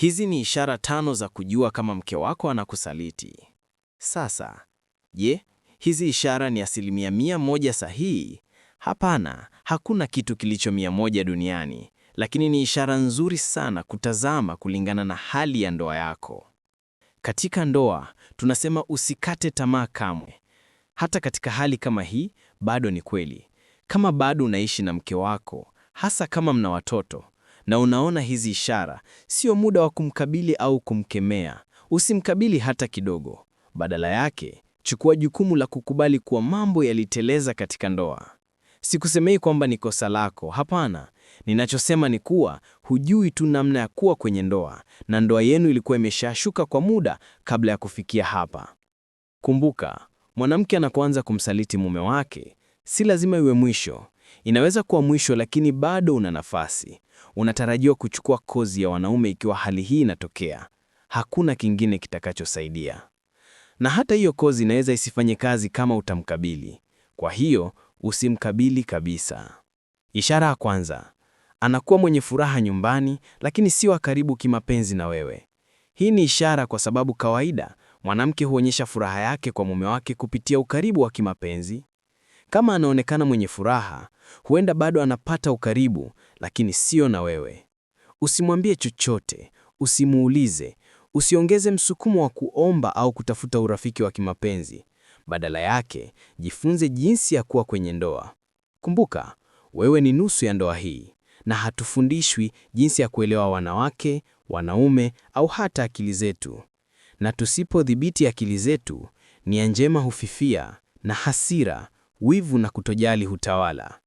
Hizi ni ishara tano za kujua kama mke wako anakusaliti. Sasa, je, hizi ishara ni asilimia mia moja sahihi? Hapana, hakuna kitu kilicho mia moja duniani, lakini ni ishara nzuri sana kutazama kulingana na hali ya ndoa yako. Katika ndoa tunasema usikate tamaa kamwe. Hata katika hali kama hii bado ni kweli. Kama bado unaishi na mke wako, hasa kama mna watoto, na unaona hizi ishara, sio muda wa kumkabili au kumkemea. Usimkabili hata kidogo. Badala yake, chukua jukumu la kukubali kuwa mambo yaliteleza katika ndoa. Sikusemei kwamba ni kosa lako, hapana. Ninachosema ni kuwa hujui tu namna ya kuwa kwenye ndoa, na ndoa yenu ilikuwa imeshashuka kwa muda kabla ya kufikia hapa. Kumbuka, mwanamke anapoanza kumsaliti mume wake, si lazima iwe mwisho. Inaweza kuwa mwisho, lakini bado una nafasi. Unatarajiwa kuchukua kozi ya wanaume ikiwa hali hii inatokea. Hakuna kingine kitakachosaidia, na hata hiyo kozi inaweza isifanye kazi kama utamkabili. Kwa hiyo usimkabili kabisa. Ishara ya kwanza, anakuwa mwenye furaha nyumbani, lakini si wa karibu kimapenzi na wewe. Hii ni ishara kwa sababu kawaida mwanamke huonyesha furaha yake kwa mume wake kupitia ukaribu wa kimapenzi, kama anaonekana mwenye furaha, huenda bado anapata ukaribu, lakini sio na wewe. Usimwambie chochote, usimuulize, usiongeze msukumo wa kuomba au kutafuta urafiki wa kimapenzi. Badala yake, jifunze jinsi ya kuwa kwenye ndoa. Kumbuka, wewe ni nusu ya ndoa hii, na hatufundishwi jinsi ya kuelewa wanawake, wanaume au hata akili zetu. Na tusipodhibiti akili zetu, nia njema hufifia na hasira wivu na kutojali hutawala.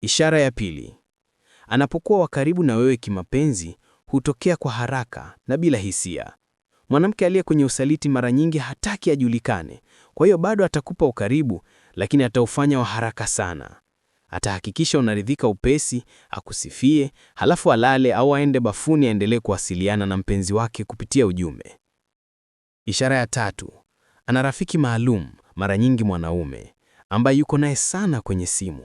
Ishara ya pili, anapokuwa wa karibu na wewe kimapenzi, hutokea kwa haraka na bila hisia. Mwanamke aliye kwenye usaliti mara nyingi hataki ajulikane, kwa hiyo bado atakupa ukaribu, lakini ataufanya wa haraka sana. Atahakikisha unaridhika upesi, akusifie, halafu alale au aende bafuni, aendelee kuwasiliana na mpenzi wake kupitia ujumbe. Ishara ya tatu, ana rafiki maalum, mara nyingi mwanaume ambaye yuko naye sana kwenye simu.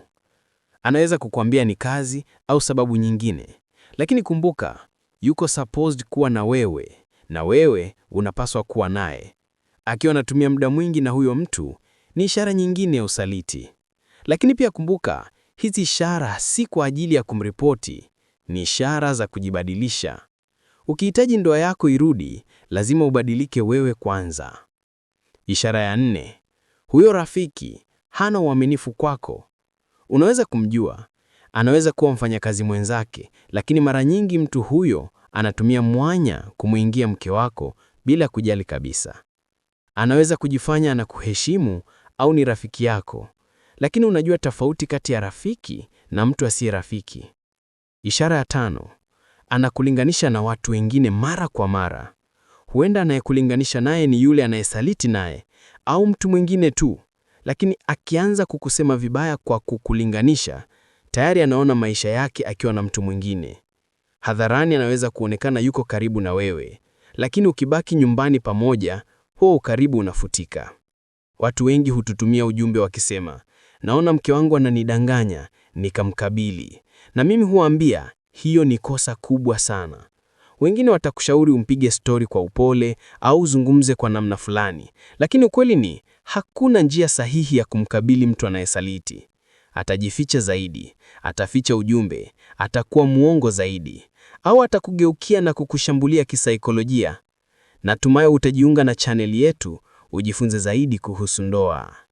Anaweza kukuambia ni kazi au sababu nyingine, lakini kumbuka, yuko supposed kuwa na wewe na wewe unapaswa kuwa naye. Akiwa anatumia muda mwingi na huyo mtu ni ishara nyingine ya usaliti. Lakini pia kumbuka, hizi ishara si kwa ajili ya kumripoti, ni ishara za kujibadilisha. Ukihitaji ndoa yako irudi, lazima ubadilike wewe kwanza. Ishara ya nne, huyo rafiki hana uaminifu kwako. Unaweza kumjua, anaweza kuwa mfanyakazi mwenzake, lakini mara nyingi mtu huyo anatumia mwanya kumwingia mke wako bila kujali kabisa. Anaweza kujifanya anakuheshimu au ni rafiki yako, lakini unajua tofauti kati ya rafiki na mtu asiye rafiki. Ishara ya tano, anakulinganisha na watu wengine mara kwa mara. Huenda anayekulinganisha naye ni yule anayesaliti naye au mtu mwingine tu. Lakini akianza kukusema vibaya kwa kukulinganisha, tayari anaona maisha yake akiwa na mtu mwingine. Hadharani anaweza kuonekana yuko karibu na wewe, lakini ukibaki nyumbani pamoja, huo ukaribu unafutika. Watu wengi hututumia ujumbe wakisema, naona mke wangu ananidanganya, nikamkabili. Na mimi huambia hiyo ni kosa kubwa sana. Wengine watakushauri umpige stori kwa upole au uzungumze kwa namna fulani, lakini ukweli ni Hakuna njia sahihi ya kumkabili mtu anayesaliti. Atajificha zaidi, ataficha ujumbe, atakuwa mwongo zaidi, au atakugeukia na kukushambulia kisaikolojia. Natumai utajiunga na chaneli yetu ujifunze zaidi kuhusu ndoa.